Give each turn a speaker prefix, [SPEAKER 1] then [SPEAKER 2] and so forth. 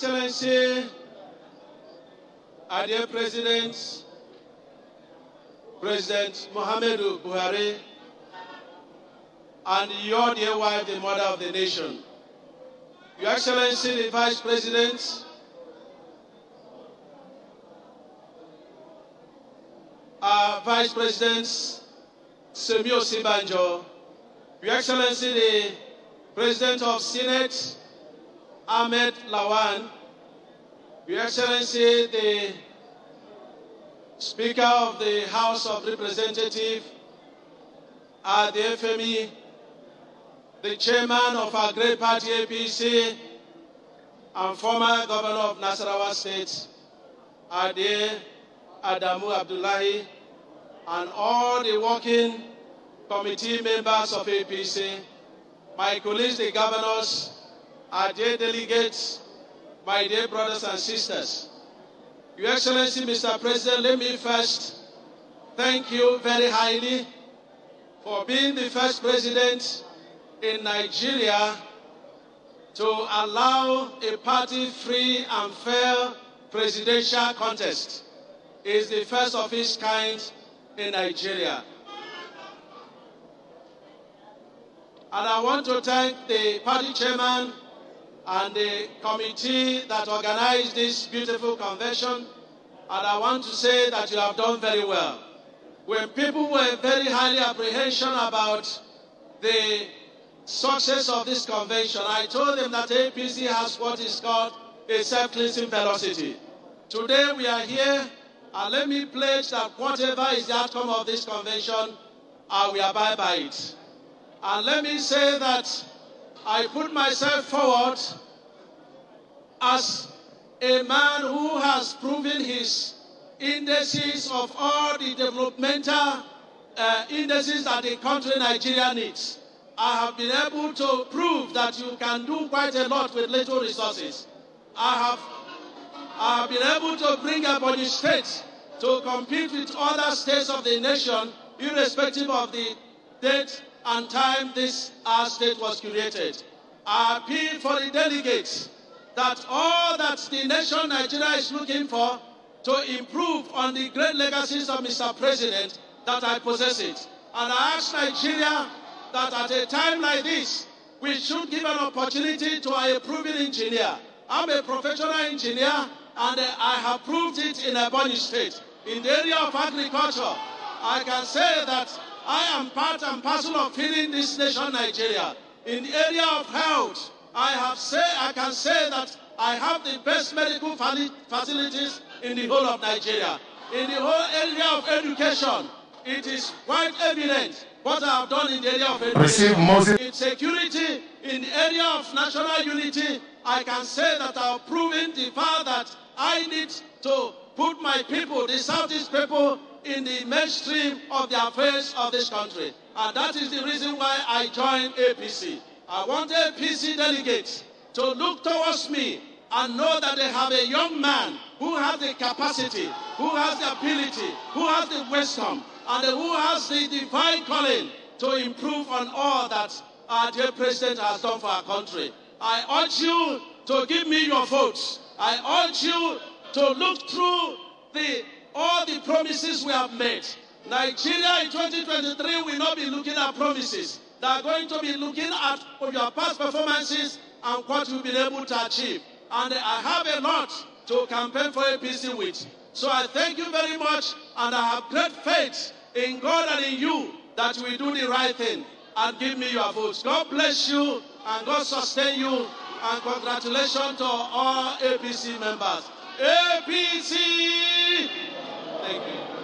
[SPEAKER 1] Excellency, dear President, President Mohamed Buhari, and your dear wife, the mother of the nation. Your Excellency, the Vice President, our Vice President Semio Sibanjo, Your Excellency, the President of Senate, Ahmed Lawan, Your Excellency, the Speaker of the House of Representatives at uh, the FME, the Chairman of our great party APC, and former Governor of Nasarawa State, Ade Adamu Abdullahi, and all the working committee members of APC, my colleagues, the governors, our dear delegates, my dear brothers and sisters. Your Excellency, Mr. President, let me first thank you very highly for being the first president in Nigeria to allow a party-free and fair presidential contest. It is the first of its kind in Nigeria. And I want to thank the party chairman and the committee that organized this beautiful convention. And I want to say that you have done very well. When people were very highly apprehension about the success of this convention, I told them that APC has what is called a self-cleansing velocity. Today we are here, and let me pledge that whatever is the outcome of this convention, I uh, will abide by it. And let me say that I put myself forward as a man who has proven his indices of all the developmental uh, indices that the country Nigeria needs. I have been able to prove that you can do quite a lot with little resources. I have, I have been able to bring up the state to compete with other states of the nation, irrespective of the date and time this our state was created. I appeal for the delegates that all that the nation Nigeria is looking for to improve on the great legacies of Mr. President that I possess it. And I ask Nigeria that at a time like this, we should give an opportunity to a proven engineer. I'm a professional engineer and I have proved it in Ebony State in the area of agriculture. I can say that I am part and parcel of healing this nation, Nigeria. In the area of health, I have say I can say that I have the best medical facilities in the whole of Nigeria. In the whole area of education, it is quite evident what I have done in the area of education. In security, in the area of national unity, I can say that I have proven the fact that I need to put my people, the Southeast people, in the mainstream of the affairs of this country. And that is the reason why I joined APC. I want APC delegates to look towards me and know that they have a young man who has the capacity, who has the ability, who has the wisdom, and who has the divine calling to improve on all that our dear president has done for our country. I urge you to give me your votes. I urge you to look through the, all the promises we have made. Nigeria in 2023 will not be looking at promises. They are going to be looking at your past performances and what you've been able to achieve. And I have a lot to campaign for APC with. So I thank you very much, and I have great faith in God and in you that we do the right thing. And give me your votes. God bless you, and God sustain you, and congratulations to all APC members. APC. Thank you.